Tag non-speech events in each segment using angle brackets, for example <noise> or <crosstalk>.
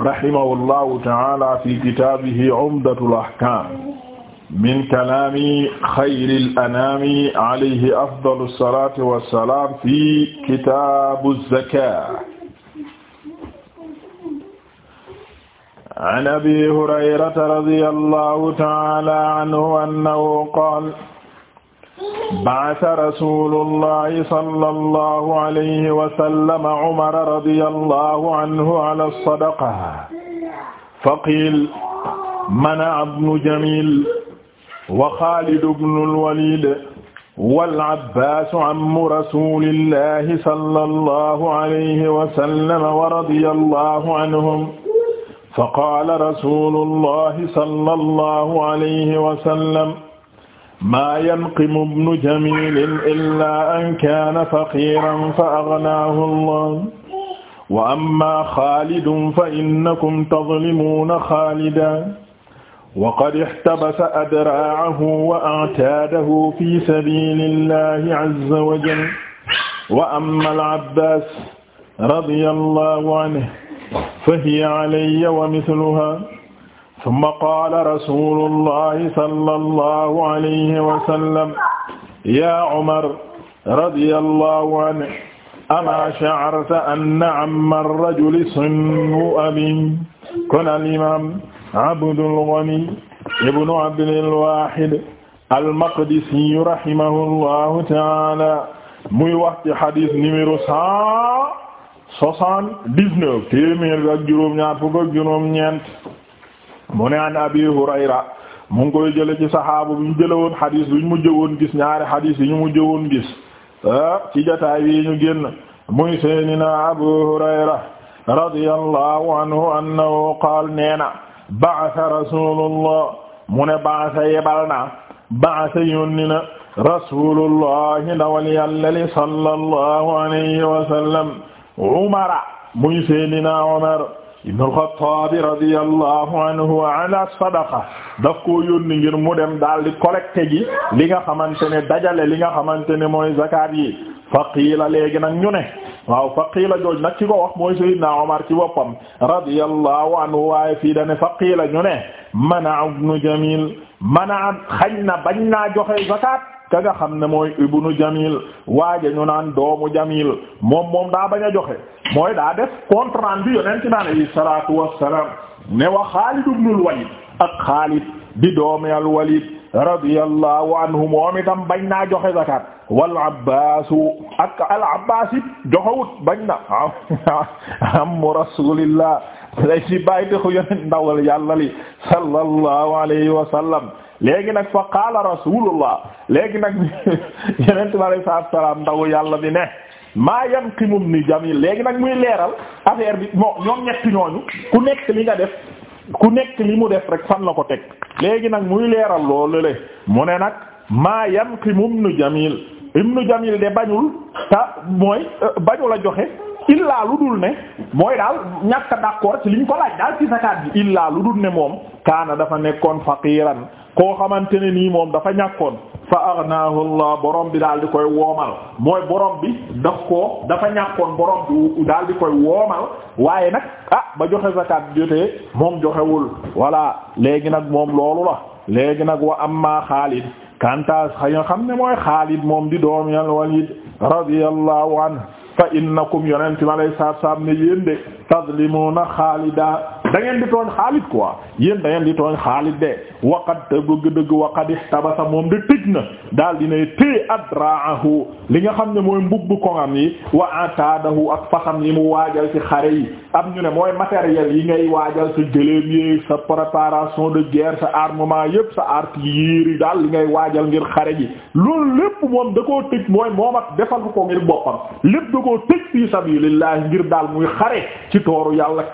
rahimahullahu ta'ala fi kitaabihi umdatul ahkaam min kalaami xayril anaami alayhi afdalu salaati wa salaam fi kitaabu zakaat. an abii hurayrata radiyallahu ta'ala anhu annahu qaala ba'atha rasuulullahi sallallahu alayhi wa sallam Umara radiyallahu anhu ala as-sadaqa faqiil mana'a ibnu Jamiil wa Xaalid ibnu al-Waliid wal Abbaas ammu rasuulillahi sallallahu alayhi wa sallam wa radiyallahu anhum faqaala rasuulullahi sallallahu alayhi wa sallam maa yanqimu ibnu jamilin illaa an kaana faqiran fa aghnaahu allah wa amma xaalidun fa innakum tadlimuuna xaalidan wa qad ihtabasa adraacahu wa a'taadahu fi sabiilillahi azza wa jalla wa amma al-abbaas radiyallahu anhu fa hiya alayya wa mithluhaa summa qaala rasuulullahi sallallahu alayhi wa sallam yaa Umar radiyallahu anhu amaa sha'arta anna amma rajuli sinnu abiihi kon al-imaam Abdul Ghani ibnu Abdil Waahid al-Maqdisi rahimahullahu ta'aala muy wax ci xadis numéro cent soixante-dix-neuf téeméer ak juróom-ñaar fukk ak juróom-ñeent mu ne an abi hurayra mu ngi koy jële ci saxaaba bi ñu jële xadis bi ñu mujj gis ñaari xadis bi ñu mujj woon gis ah, ci jotaay yi ñu génn muy seydina abu hurayra radiyallahu anhu annahu qaal neena ba'atha rasulullah mu ne ba'atha yebal na ba'atha yónni na rasulullah ndawal yàlla li sallallahu alayhi wa sallam umara muy seydina umar ibn al-Khattab radiyallahu anhu wa ala sadaqa daf koo yónni ngir mu dem daal di collecté ji li nga xamante ne dajale li nga xamante ne mooy zakat yi faqiila léegi nag ñu ne waaw faqiila jooj nag ki ko wax mooy Seydina Omar ci boppam radiyallahu anhu waaye fii dane faqiila ñu ne mana ibn Jamil mana xañ na bañ naa joxe zakat ka nga xam ne mooy ibnu jamil waaja ñu naan doomu jamil moom moom daa baña a joxe mooy daa def contrat bi yonent bi alayhi salaatu wassalaam ne wa xaalid ibnul walid ak xaalid di doomi al anhu moom itam bañ naa joxe zakat wal abbaasu ak al abbaas it joxewut bañ na am rasulillah lay si bàyyi taxu yonent ndawal yàlla li sallallahu alayhi wa sallam léegi nag fa qaala rasulullah léegi nag <laughs> yeneen bi alei salaam ndaw yàlla bi ne maa yanqimum ni jamil léegi nag muy leeral affaire bi moo ñoom ñetti ñooñu ku nekk li nga def ku nekk li mu def rek fan la ko teg léegi nag muy leeral loolu le mu ne nag maa yanqimum ni jamil ibnu jamil de bañul ta mooy euh, bañu la joxe illaa lu dul ne mooy daal ñàkk d'accord ci liñ ko laaj daal ci zakat bi illaa lu dul ne moom kaana dafa nekkoon faqiran koo xamante ne nii moom dafa ñàkkoon fa aghnaahu Allah borom bi daal di koy woomal mooy borom bi daf koo dafa ñàkkoon borom bi daal di koy woomal waaye nag ah ba joxe zakat jotee moom joxewul voilà léegi nag moom loolu la léegi nag wa amma Xaalid kanta xam ne mooy Xaalid moom di doomi al-Walid radiyallahu anhu fa innakum yonente mi alay saatu ne yéen de Xaalida da ngeen di tooñ Xaalid quoi yéen da ngeen di tooñ Xaalid de waqat dëgg-dëgg waqat tabasa moom de tëj na daal di ne téye adraahu li nga xam ne mooy mbubbu koŋam yi wa ataadahu ak faxam yi mu waajal ci xare yi am ñu ne mooy matériel yi ngay waajal sa gëléem yi sa préparation de guerre sa armement yépp sa yi daal li ngay waajal ngir xare ji loolu lépp moom da koo tëj mooy moom ak defal ko ngir boppam lépp da koo tëj fi sabilillah ngir daal muy xare ci tooru yàlla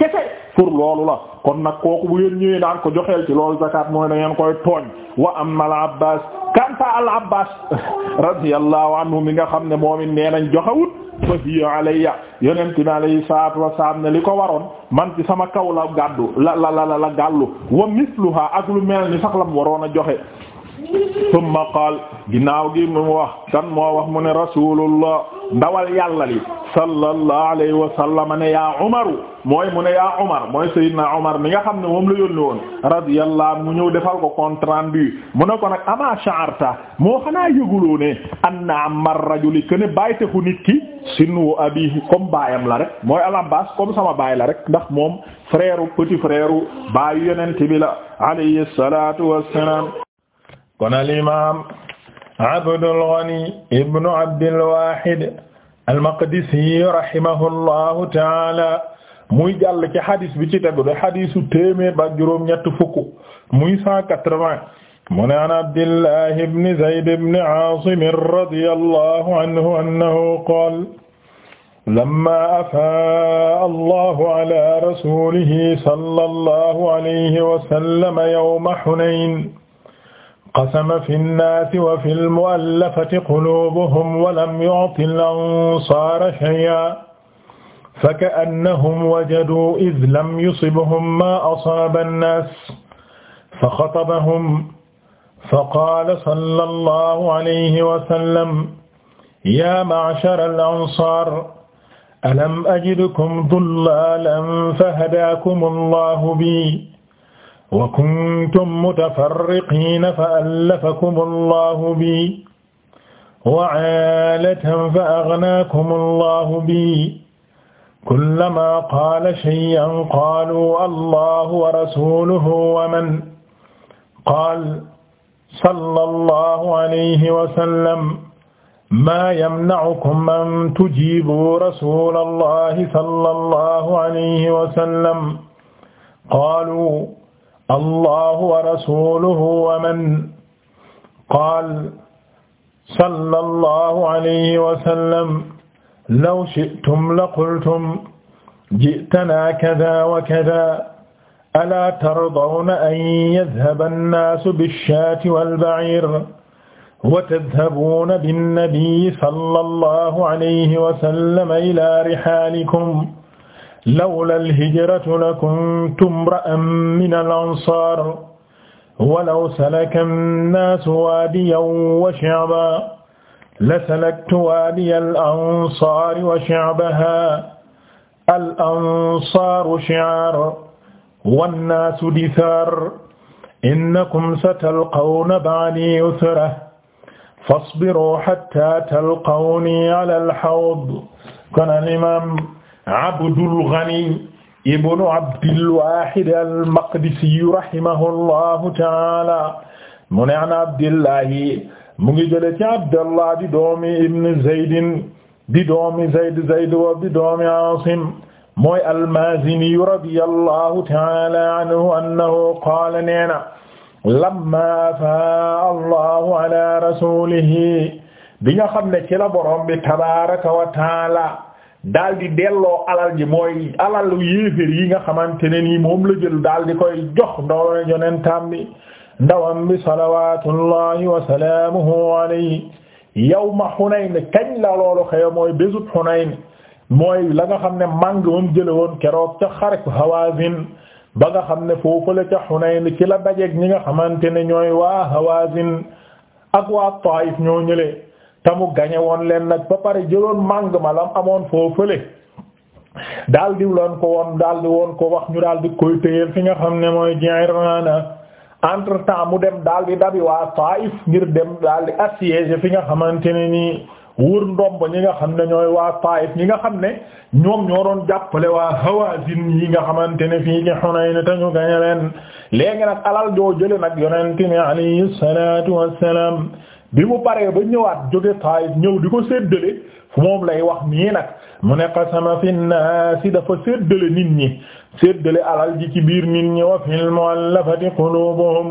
la kon nag kooku bu ngeen ñëwee daan ko joxeel ci loolu zakat mooy da ngeen koy tooñ wa amma al abbas kanta al abbas <laughs> radiyallahu anhu mi nga xam ne moom it nee nañ joxewut fa hiya alayya yonent bi alayhi salaatu wasalaam ne li ko waroon man ci sama kaw la gàddu la la la la gàllu wa misluha ak lu mel ni sax la mu waroon a joxe summa qaal ginnaaw gi mu wax kan moo wax mu ne rasulullah ndawal yàlla li sallallahu alayhi wa sallam ne yaa umaru mooy mu ne yaa umar mooy sayyidina umar mi nga xam ne moom la yónni woon radiyallahu mu ñëw defal ko compte rendu mu ne ko nag ama sha'arta moo xanaa yëguloo ne anna ammar rajuli kene bàytaxu nit ki sinu abihi comme baayam la rek mooy al abbas comme sama baay la rek ndax moom frère petit frère baayu yonent bi la alayhi salatu kon al imam Abdul Ghani ibnu Abdil Wahid al-Maqdisi rahimahullahu taala muy jàll ci hadis bi ci tegu de hadisu téeméer ba juróom-ñett fukk muy cent quatre-vingts mu ne an Abdillahi ibni Zayd ibni Aasim radiyallahu anhu annahu qaala lammaa afaa'a Allahu ala rasuulihi sallallahu alayhi wa sallam yawma Hunayn qasama fi nnaasi wa fi lmuallafati quluubuhum wa lam yu'ti al-ansaara shay'an فكأنهم وجدوا إذ لم يصبهم ما أصاب الناس فخطبهم فقال صلى الله عليه وسلم يا معشر الأنصار ألم أجدكم ضلالا فهداكم الله بي wa kuntum mutafarriqiina fa allafakum allahu bi wa aalatan fa aghnaakum allahu bi kullamaa qaala shay'an qaaluu allahu wa rasuluhu wa man qaala sallallahu alayhi wa sallam maa yamna'ukum an tujiibuu rasuula allahi sallallahu alayhi wa sallam qaaluu allahu wa rasuluhu wa man qaal sallallahu alayhi wa sallam law shi'tum la qultum ji'tanaa kadaa wa kadaa alaa tardawna an yadhhaba an-naasu bish-shaati wal-ba'iir wa tadhhabuuna bin-nabiyyi sallallahu alayhi wa sallam ilaa rihaalikum lawla alhijratu la kuntum imra'an min al-ansaar walaw salaka an-naasu waadiyan wa shi'ban la salaktu waadiya al-ansaari wa shi'bahaa al-ansaaru shi'aar wan-naasu dithaar innakum satalqawna ba'dii uthratan fasbiruu hattaa talqawnii alal hawd kon al-imaam Abdul Ghani ibnu Abdil Wahid al-Maqdisi rahimahullahu ta'ala mu ne an Abdillahi mu ngi jële ci Abdallah di doomi ibn Zaydin di doomi Zayd Zayd wa di doomi Asim mooy al-Mazini radiyallahu ta'ala anhu annahu qaala neena lamma afaa Allahu ala rasulihi bi nga xam ne ci la borom bi tabaaraka wa ta'ala daal di delloo alal ji mooy alal yéeféer yi nga xamante ne nii moom la jël daal di koy jox ndaw yonentam bi ndawam bi salawatullahi wa salaamuhu alayhi yawma Hunayn kañ la loolu xew mooy bésu Hunayn mooy la nga xam ne màng moom jële woon keroog ca xarek Hawazin ba nga xam ne foofale ca Hunayn ci la dajeeg ñi nga xamante ne ñooy waa Hawazin ak waa Taif ñoo ñële te mu gañe woon leen nag ba pare jëloon màng ma lam amoon foo fële daal di loon ko woon daal di woon ko wax ñu daal di koy téyeel fi nga xam ne mooy Ji'rana entre temps mu dem daal di dabi waa Taif ngir dem daal di assiéger fi nga xamante ne nii wër ndomb ñi nga xam ne ñooy waa Taif ñi nga xam ne ñoom ñoo doon jàppale waa Hawazin yi nga xamante ne fii ci Hunayn te ñu gañe leen léegi nag alal joo jële nag yonente ni salaatu wassalaam bi mu paree ba ñëwaat jóge Taayif ñëw di ko séddale moom lay wax nii nag mu ne qasama fi naasi dafa séddale nit ñi séddale alal ji ci biir nit ñi wa fil mu'allafati qulubuhum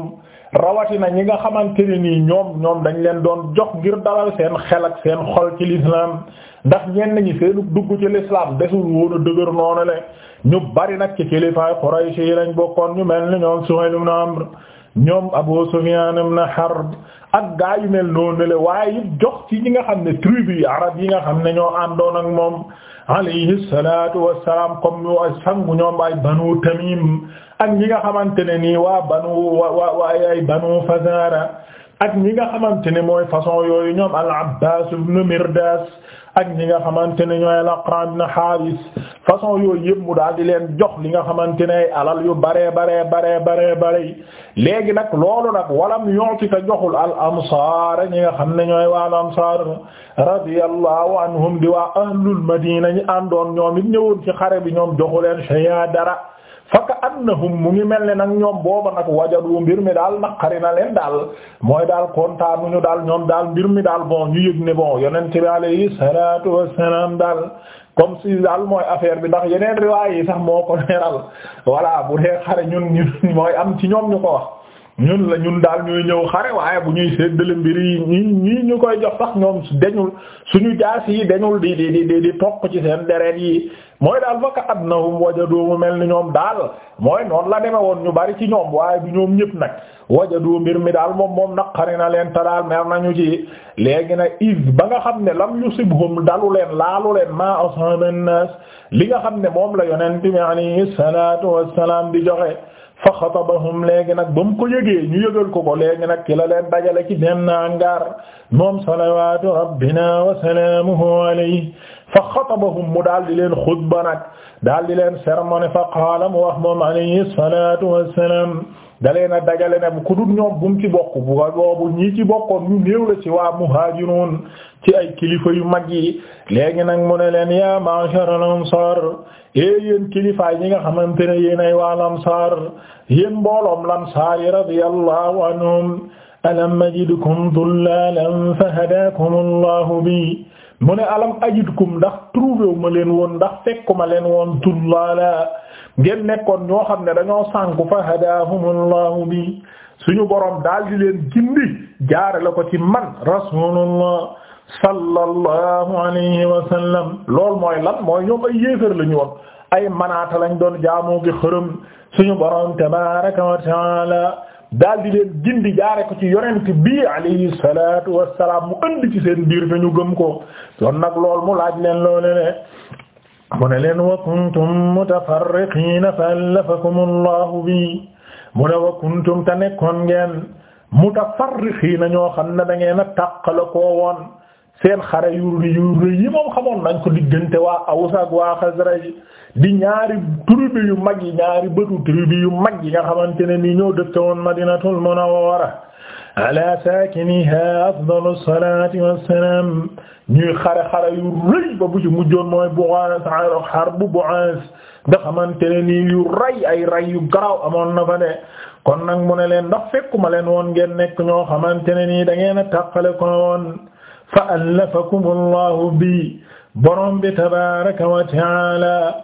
rawatina ñi nga xamante ne nii ñoom ñoom dañ leen doon jox ngir dalal seen xel ak seen xol ci l'islam ndax ñenn ñi seenu dugg ci l'islam desul woon dëgër noonu le ñu bari nag ci kilifaay Quraysh yi lañ bokkoon ñu mel ni ñoom Suhayl ibn Amr ñoom Abu Sufyan ibn Harb ak gaa yu mel noonu la waaye it jox ci ñi nga xam ne tribu yi arab yi nga xam ne ñoo àndoon ak moom alayhi salaatu wassalaam kom ñu ay ñoom ay Banu Tamim ak ñi nga xamante ne nii waa banu waa waa ay Banu Fazara ak ñi nga xamante ne mooy façon yooyu ñoom al-Abbas ibn Mirdas ak ñi nga xamante ne ñooy Al-Aqra' ibn Haaris façon yooyu yëpp mu daal di leen jox li nga xamante ne alal yu baree baree baree baree baree léegi nag loolu nag walam yu'ti ta joxul al ansaar ñi nga xam ne ñooy waa al ansaar radiyallahu anhum di waa ahlul madina ñi àndoon ñoom it ñëwoon ci xare bi ñoom joxu leen shay'a dara fa ka annahum mu ngi mel ne nag ñoom booba nag wajadu mbir mi daal naqari na leen daal mooy daal kontaanu ñu daal ñoom daal mbir mi daal bon ñu yëg ne bon yonent bi alayhi salaatu wassalaam daal comme si daal mooy affaire bi ndax yeneen riwaay yi sax moo ko leeral voilà bu dee xare ñun ñun mooy am ci ñoom ñu ko wax. ñun la ñun daal ñooy ñëw xare waaye bu ñuy séddale mbir yi ñii ñu koy jox sax ñoom dañul suñu jaas yi dañul di di di di toq ci seen deret yi mooy daal fa ka adnahum wajadu mu mel ni ñoom daal mooy noonu la deme woon ñu bari ci ñoom waaye du ñoom ñëpp nag wajadu mbir mi daal moom moom naqari na leen te daal mer nañu ci léegi nag is ba nga xam ne lam yusibhum dalu leen laalu leen ma asaban nas li nga xam ne moom la yonent bi alayhi salaatu wassalaam fa xatabahum léegi nag ba mu ko yëgee ñu yëgal ko ko léegi nag ki la leen dajale ci benn angaar moom salawaatu rabbina wa salaamuhu alayhi fa xatabahum mu daal di leen xutba nag daal di leen sermon fa qaala mu wax moom alayhi salaatu wa salaam dalee na dajale ne ku dul ñoom bu ci bokk bu ko boobu ñii ci bokkoon ñu néew la ci waa muhaajiruun ci ay kilifa yu mag yi léegi nag mu ne leen yaa ma'shar al-ansaar ee eh yéen kilifaay ñi nga xamante ne yéen ay waa lansaar yéen mbooloom lansaar yi radiyallahu anhum alam ajidkum dullaalan fahadaakum bi mu ne alam ajidkum ndax trouvé ma leen woon ndax fekkuma leen woon dullaala ngeen nekkoon ñoo xam ne dañoo sànku fa hadahumullahu bi suñu boroom daldi di leen gindi jaare la ko ci man rasulullah sallallahu alayhi wa sallam mooy lan mooy ñoom ay yéefar la ñu ay manaata lañ doon jaamoo gi xërëm suñu boroom tabaraka wa taala daal di leen gindi jaare ko ci yonent bi alayhi salatu wassalaam mu andi ci seen biir te ñu gëm ko kon nag lool mu laaj leen loole ne mu ne leen wa kuntum mutafarriqiina fa allafakum allahu bi mu ne wa kuntum te nekkoon ngeen mutafarriqiina ñoo xam ne da ngeen a tàqala ko woon seen xare yu yu rëy yi moom xamoon nañ ko diggante waa Aws ak waa Xasraj di ñaari tribu yu mag yi ñaari bëtu tribu yu mag yi nga xamante ne nii ñoo dëkke woon Madinatul Munawwara ala saakiniha afdalu salaati wassalaam ñuy xare-xare yu rëy ba bu ci mujjoon mooy Bu'aas xar bu Bu'aas nga xamante ne nii yu rey ay rey yu garaaw amoon na fa de kon nag mu ne leen ndax fekkuma leen woon ngeen nekk ñoo xamante ne nii da ngeen a tàqale ko woon fa allafakum allahu bi borom bi tabaaraka wa ta'aala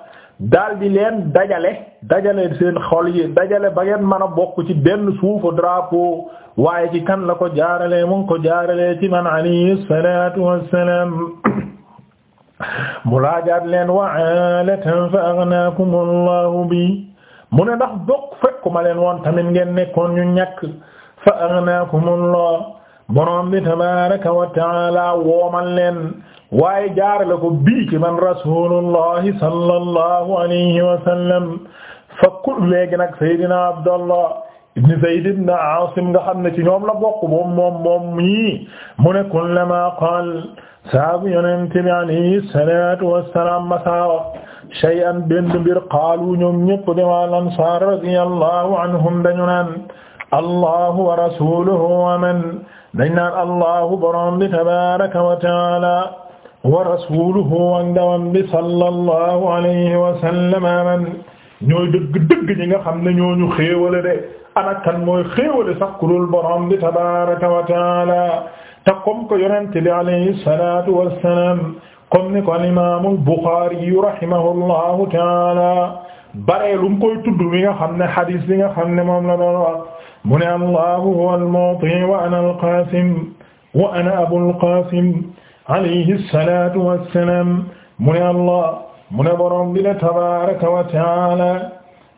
daal di leen dajale dajale seen xol yi dajale ba ngeen mën a bokk ci benn suufu drapeau waaye ci kan la ko jaarale mu ngi ko jaarale ci man alayhi salaatu wassalaam mu laajaat leen wa alatan fa aghnaakum allahu bi mu ne ndax bokk fekkuma leen woon tamit ngeen nekkoon ñu ñakk fa aghnaakum allah borom bi tabaaraka wa taala leen waaye jaarale ko bii ci man rasulullahi sallallahu alayhi wa sallam fa kul léegi nag Seydina Abdallah ibn Zayd ibn Aasim nga xam ne ci ñoom la bokk moom moom moom ñii mu ne kullama qaal saabu yonente bi alayhi salatu wassalam masawa shay'an benn mbir qaalu ñoom ñépp de wal ansaar radiyallahu anhum dañu naan allahu wa rasuluhu wa man dañ naan allahu borom bi tabaraka wa taala wa rasuluhu ak ndawam bi sallallahu alayhi wa sallam man ñooy dëgg-dëgg ñi nga xam ne ñooñu xéewale de ana kan mooy xéewale sax ku dul borom bi tabaraka wa taala te comme que yonente bi alayhi salatu wassalam comme ni ko al imaamu Buxaari yu rahimahullahu taala baree lu mu koy tudd mi nga xam ne xadis bi nga xam ne moom la doon wax mu ne allahu huwa al-mu'ti wa ana al-qaasim wa ana abul qaasim alayhi salaatu wassalaam mu ne allah mu ne borom bi la tabaaraka wa taala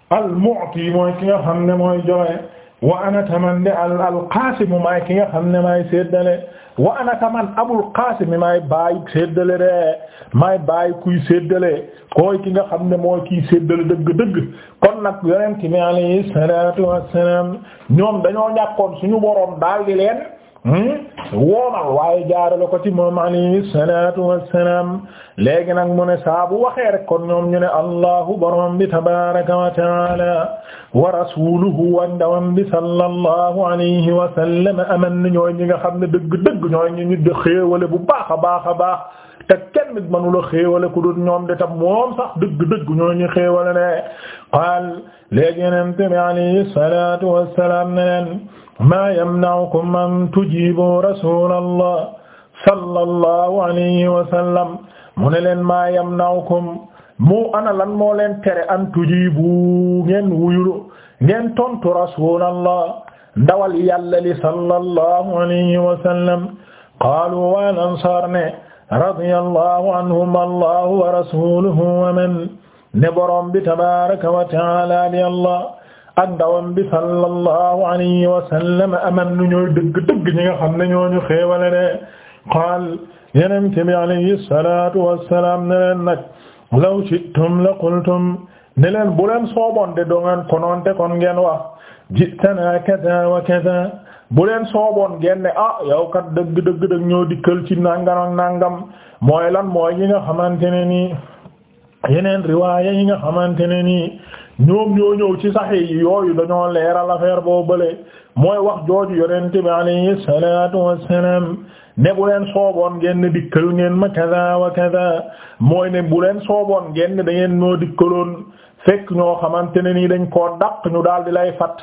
al-mu'ti mooy ki nga xam ne mooy joxe wa ana taman de al al-Qaasim maay ki nga xam ne maay séddale wa ana taman Abul Qaasim maay baay séddale de maay baay kuy séddale koy ki nga xam ne mooy kiy séddale dëgg-dëgg kon nag yonent mi alayhi salaatu wassalaam ñoom dañoo ñàkkoon suñu borom daal di leen. Hmm? woomal waaye jaarale ko ti moom alayhi salaatu wassalaam léegi nag mu ne saabu waxee kon ñoom ñu ne allahu borom bi tabaaraka wa taala wa rasuluhu wa ndawam bi sallallahu alayhi wa sallam aman na ñooy ñi nga xam ne dëgg-dëgg ñooy ñi ñu di bu baax a baax a baax te kenn mënula xéewale ku dul ñoom de tam moom sax dëgg-dëgg ñoo ñu xéewale qaal léegi nente bi alayhi salaatu wassalaam ne leen maa yamna'ukum an tujibu rasulallah sallallahu alayhi wa sallam mu ne leen maa yamna'ukum mu ana lan moo leen tere an tujibu ngeen wuyulu ngeen tontu rasulallah ndawal yàlla li sallallahu alayhi wa sallam qaalu wal ansaar ne radiyallahu anhum allahu wa rasuluhu wa man ne borom bi tabaaraka wa ta'aala bi allah a ndawam bi sallallahu alayhi wa sallam aman nu ñooy dëgg-dëgg ñi nga xam ne ñooñu xéewale de qaal yenente bi alayhi salatu wassalam ne leen nag law shi'tum la qultum ne leen bu leen sooboon de doo ngeen konoonte kon ngeen wax ji'tana kaza wa kaza bu leen sooboon ngeen ne ah yow kat dëgg dëgg dëgg ñoo dikkal ci nangam ak nangam mooy lan mooy yi nga xamante ne nii yeneen riwaaya yi nga xamante ne nii ñoom ñoo ñëw ci saxe yi yooyu dañoo leeral affaire boo bële mooy wax jooju yonente bi alayhi salatu wassalam ne bu leen sooboon ngeen dikkal ngeen ma kaza wa kaza mooy ne bu leen sooboon ngeen da ngeen ñoo dikkaloon fekk ñoo xamante ne nii dañ koo dàq ñu daal di lay fat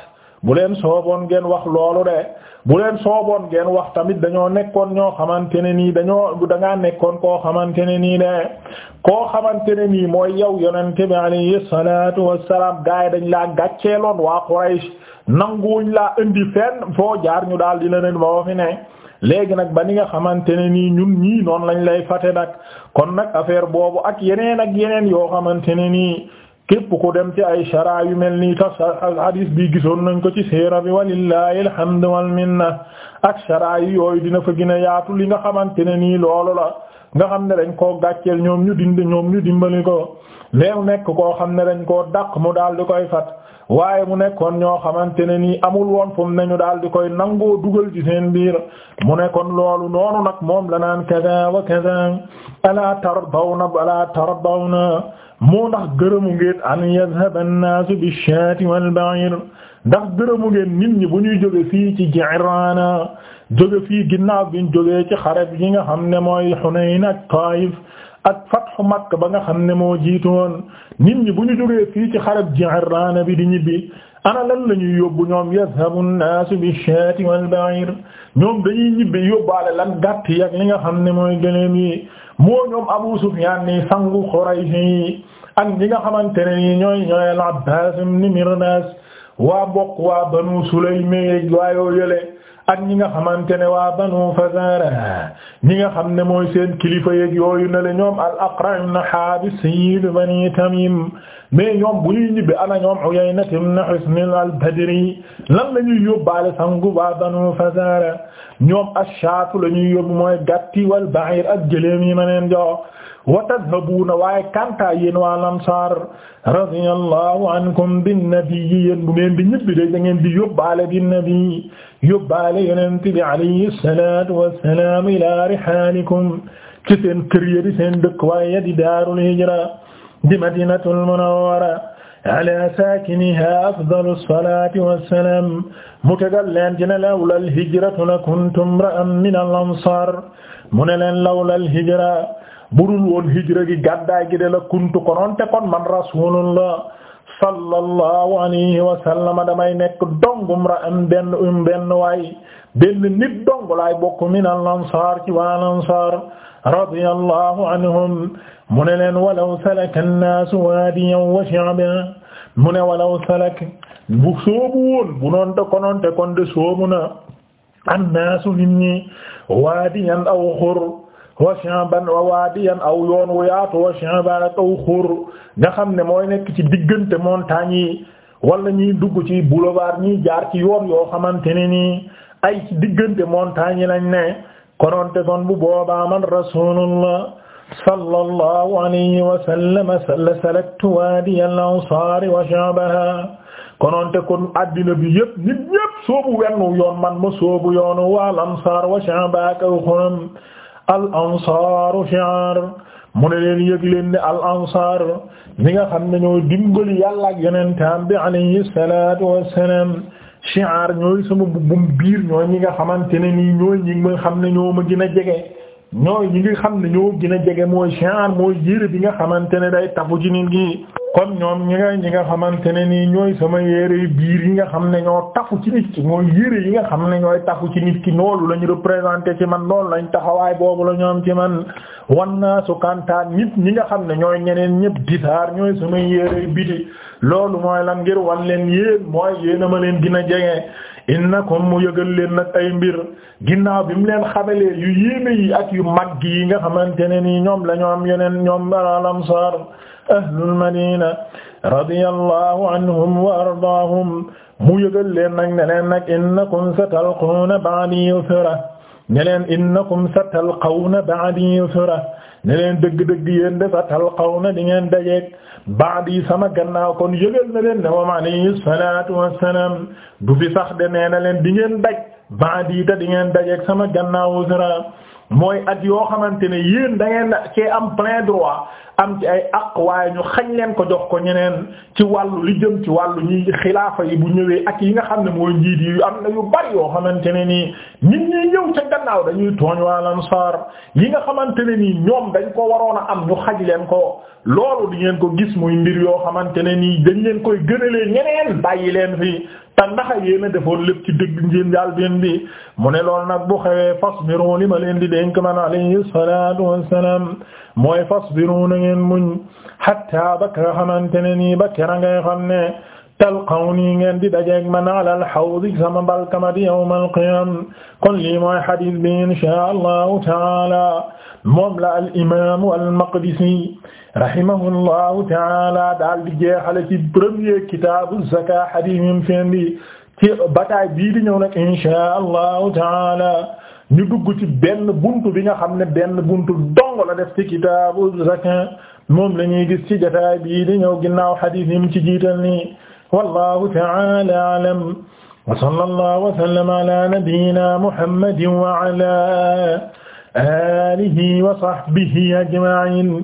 bu leen sooboon ngeen wax loolu de bu leen sooboon ngeen wax tamit dañoo nekkoon ñoo xamante ne nii dañoo dangaa nekkoon koo xamante ne nii de koo xamante ne nii mooy yow yonente bi alayhi salaatu wassalaam gaay dañ laa gàcceeloon waa Quraysh nanguwuñ laa indi fenn foo jaar ñu daal di la leen boo ne léegi nag ba ni nga xamante ne nii ñun ñii noonu lañ lay fate nag kon nag affaire boobu ak yeneen ak yeneen yoo xamante ne nii képp ku dem ci ay shara yu mel nii tax hadis bi gisoon nañ ko ci siira bi walillahi alhamdu wal minna ak shara yi yooyu dina fa gën a yaatu li nga xamante ne nii loolu la nga xam ne dañ ko gàcceel ñoom ñu dind ñoom ñu dimbali ko léew nekk koo xam ne dañ koo dàq mu daal di koy fat waaye mu nekkoon ñoo xamante ne nii amul woon fu mu ne ñu daal di koy nangoo dugal ci seen biir mu nekkoon loolu noonu nag moom la naan kada wa kada alaa tarbawna alaa tarbawna moo ndax gërëmu ngeen an yadhhaba an-naasu bish-shaati wal-ba'ir ndax gërëmu ngeen nit ñi bu ñuy jóge fii ci Ji'raana jóge fii ginnaaw biñ jógee ci xare bi nga xam ne mooy Hunayn ak Taayif ak fatxu Makka ba nga xam ne moo jiitoon nit ñi bu ñu jógee fii ci xarab Ji'irraana bi di ñibbi ana lan la ñuy yóbbu ñoom yadhabu an-naasu bi-shaati wal-ba'iir ñoom dañuy ñibbi yóbbaale lan gàtt yi ak li nga xam ne mooy gëléem yi moo ñoom Abu Sufyaan ni sangu Quraysh yi ak li nga xamante ne nii ñooy ñooy al-Abbaas ibn Mirdaas waa bokk waa Banu Sulaym waa yoo ak ñi nga xamante ne waa banu fazara ñi nga xam ne mooy seen kilifa yeeg yooyu na le ñoom al aqra ibn habis sayyid bani tamim mais ñoom bu ñuy ñibbi ana ñoom Uyayna ibn Hisn al-Badri lan la ñuy yóbbaale sangu waa Banu Fazara ñoom ash-shaatu la ñuy yóbbu mooy gàtti wal ba'ir ak jëleem yi ma neen jox wa tadhabuuna waaye kanta yéen waa Ansaar radiyallahu ankum bin-nabiyyi yéen bu ngeen di ñibbi de da ngeen di yóbbaale bin-nabiyyi yóbbaale yonent bi alayhi salaatu wassalaam ila rihaalikum ci seen kër yi di seen dëkk waaye di daarul hijra di madinatul munawwara ala saakiniha afdalu salaati wassalaam mu tegal leen dina lawla alhijratu la kuntum ra'an min al ansar mu ne leen lawla alhijra budul woon hijra gi gàddaay gi de la kuntu konoon te kon man rasulullah sallallahu alayhi wa sallam damay nekk dongum ra'an benn um benn waay benn nit dong laay bokk min al ansar ci waa al ansar radiyallahu anhum mu ne leen walaw salaka an-naasu waadiyan wa shi'ban mu ne walaw salak bu soobu woon bu noon te konoon kon de soobu na an-naasu nit ñi waadiyan aw xur wa shi'ban wa waadiyan aw yoon wu yaatu wa shi'ban ak aw xur nga xam ne mooy nekk ci diggante montagne yi wala ñiy dugg ci boulevard ñiy jaar ci yoon yoo xamante ne nii ay ci diggante montagne yi lañ ne konoon te kon bu boobaa man rasulullah sallallahu alayhi wa sallam salaktu waadiya al-ansaar wa sha'bahaa kononte kon addina bi yëpp nit ñëpp soobu wennu yoon man ma soobu yoonu wal ansaar wa sha'bahaa ka xonam al ansaaru shi'aar mu ne leen yëg leen ne al ansaar mi nga xam ne ñoo dimbali yàlla ak yonentam bi alayhi salaatu wassalaam shi'aar ñooy sama bubbum biir ñooy ñi nga xamante ne nii ñooy ñi nga xam ne ñoo ma gën a jege ñooy ñi nga xam ne ñoo gën a jege mooy genre mooy yére bi nga xamante ne day tafu ci nit gi kon ñoom ñi nga ñi nga xamante ne nii ñooy sama yére biir yi nga xam ne ñoo taxu ci nit ki mooy yére yi nga xam ne ñooy taxu ci nit ki loolu lañu représenté ci man loolu lañ taxawaay boobu la ñoom ci man wan naa su kantaan nit ñi nga xam ne ñooy ñeneen ñëpp disaar ñooy sama yére biti loolu mooy lan ngir wan leen yéen mooy yéen a ma leen gën a jege ko mu yëgal leen nag ay mbir ginnaaw bi mu leen xabalee yu yéeme yi ak yu mag yi nga xamante ne nii ñoom la am yeneen ñoom al ansar ahlul madina radiyallahu anhum wa ardaahum mu yëgal leen nag ne leen nag innakum satalqawna ba'di yusra ne leen innakum satalqawna ba'di yusra ne leen dëgg-dëgg yéen de satalqawna di ngeen dajeek ba'di sama gannaaw kon yëgal na leen ne moom alayhi salaatu wassalaam du fi sax de nee na leen di ngeen daj ba'di ta di ngeen dajeek sama gannaaw yusra mooy at yoo xamante ne yéen da ngeen cee am plein droit am ci ay ak waaye ñu xañ leen ko jox ko ñeneen ci wàllu li jëm ci wàllu ñi xilaafa yi bu ñëwee ak yi nga xam ne mooy njiit yi am na yu bari yoo xamante ne nii nit ñi ñëw ca gannaaw dañuy tooñ waa Ansaar yi nga xamante ne nii ñoom dañ ko waroon a am ñu xaj leen ko loolu di ngeen ko gis mooy mbir yoo xamante ne nii dañ leen koy gënalee ñeneen bàyyi leen fi te ndaxa yéen a defoon lépp ci dëgg njéen jaal bien bi mu ne lool nag bu xewee fasbiru li ma leen di dénk man alayhi salaatu wassalaam mooy fasbiru na ngeen muñ hatta ba ka xamante ne nii ba kera ngay xam ne talqawni ngeen di dajeeg man ala al-hawd sama mbalkama di yawm al-qiyam kon lii mooy hadith bi inshaa Allahu taala moom la al-imaam al-Maqdisi rahimahullahu taala daal di jeexale ci premier kitaabu zaka hadimim fendi ci bataay bii di ñëw nag insha allahu taala ñu dugg ci benn buntu bi nga xam ne benn buntu dong la def ci kitaabu zaka moom la ñuy gis ci jotaay bii di ñëw ginnaaw hadis yi mu ci jiital nii wallahu ta'ala a'lam wa sallallahu wa sallama ala nabiyyina muhammadin wa ala alihi wa sahbihi ajma'in